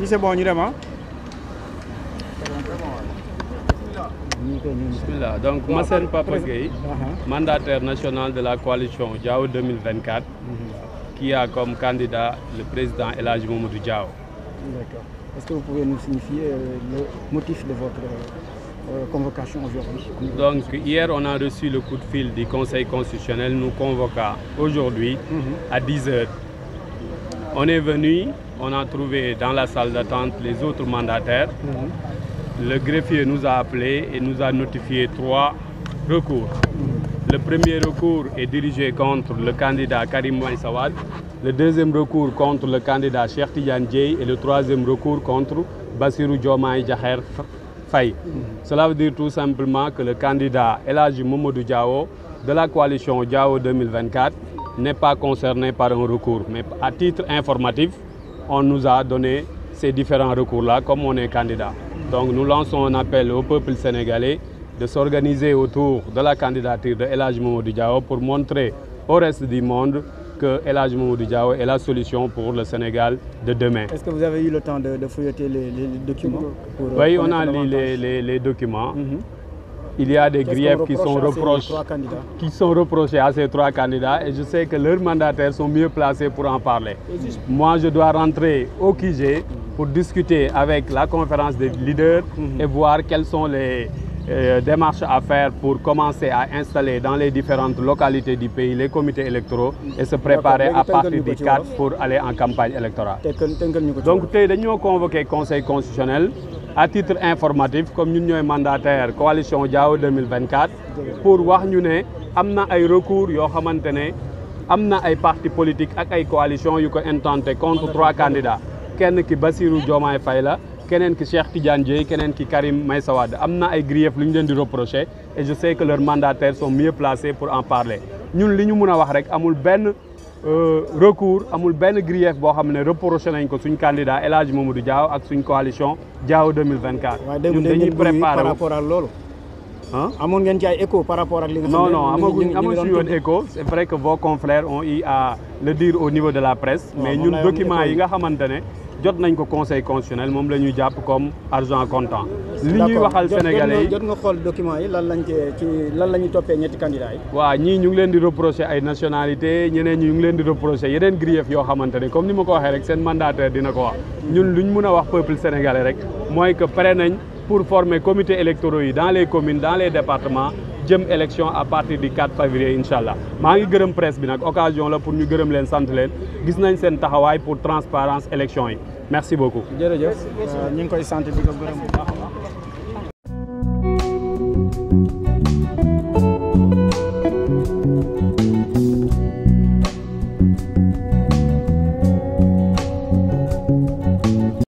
Si c'est bon, nous sommes. Hein? Donc, Massène Papasgei, uh-huh. mandataire national de la coalition JAO 2024, mm-hmm. qui a comme candidat le président Elage Moumoudou Diao. D'accord. Est-ce que vous pouvez nous signifier euh, le motif de votre euh, convocation aujourd'hui Donc hier, on a reçu le coup de fil du Conseil constitutionnel nous convoqua aujourd'hui mm-hmm. à 10h on est venu, on a trouvé dans la salle d'attente les autres mandataires. Mhm. Le greffier nous a appelés et nous a notifié trois recours. Le premier recours est dirigé contre le candidat Karim Mouaïsawad, le deuxième recours contre le candidat Cheikh Tidjan et le troisième recours contre Bassirou Diomaye Jaher Faye. Mhm. Cela veut dire tout simplement que le candidat Elaji Momodou de la coalition Diao 2024 n'est pas concerné par un recours. Mais à titre informatif, on nous a donné ces différents recours-là comme on est candidat. Donc nous lançons un appel au peuple sénégalais de s'organiser autour de la candidature de El pour montrer au reste du monde que El est la solution pour le Sénégal de demain. Est-ce que vous avez eu le temps de, de les, documents euh, Oui, on a lu les, documents. Mhm il y a des griefs qui sont, reprochés à ces trois candidats et je sais que leurs mandataires sont mieux placés pour en parler. Moi, je dois rentrer au QG pour discuter avec la conférence des leaders mhm. et voir quelles sont les, euh, démarches à faire pour commencer à installer dans les différentes localités du pays les comités électoraux et se préparer à partir des 4 pour aller en campagne électorale. Donc, nous avons convoqué le Conseil constitutionnel à titre informatif comme ñun sommes mandataire coalition Diao 2024 pour wax ñu ne Amn'a na ay recours yoo xamante parti politique ak ay coalition yu ko intenté contre trois candidats qui ki Bassirou Diomaye Fayla, la qui ki Cheikh Tidiane quelqu'un qui est Karim Maïsawad. Nous avons na ay griefs que nous di reprocher et je sais que leurs mandataires sont mieux placés pour en parler nous li ñu wax euh, recours amul ben grief bo xamné reprocher nañ ko suñ candidat Elhadji Mamadou Diaw ak suñ coalition Diaw 2024. waaw dañuy préparer par rapport à lolu ah hein? amone ngeen ci ay écho par rapport ak li nga non non amaguñ amaguñ woon écho c'est vrai que vos confrères ont eu à le dire au niveau de la presse. mais ñun document yi nga xamante jot nañ ko conseil constitutionnel mom lañuy japp comme argent comptant. li ñuy waxal sénégalais jot nga xol document yi lan lañ cee ci lan lañu topé ñetti candidat yi. wa ñi ñu ngi leen di reprocher ay nationalité ñeneen ñu ngi leen di reprocher yeneen grief yo xamante comme ni ma ko waxé rek seen mandataire dina ko wax. ñun luñ mën a wax peuple sénégalais rek mooy que pare nañ pour former comité électoraux yi dans les communes dans les départements jëm élection à partir du 4 février InshAllah. allah maa ngi gërëm presse bi nak occasion la pour ñu gërëm leen sant leen gis nañ seen taxaway pour transparence élection yi merci beaucoup. jërëjëf euh, ñu koy sant bi ko gërëm bu baax Thank you.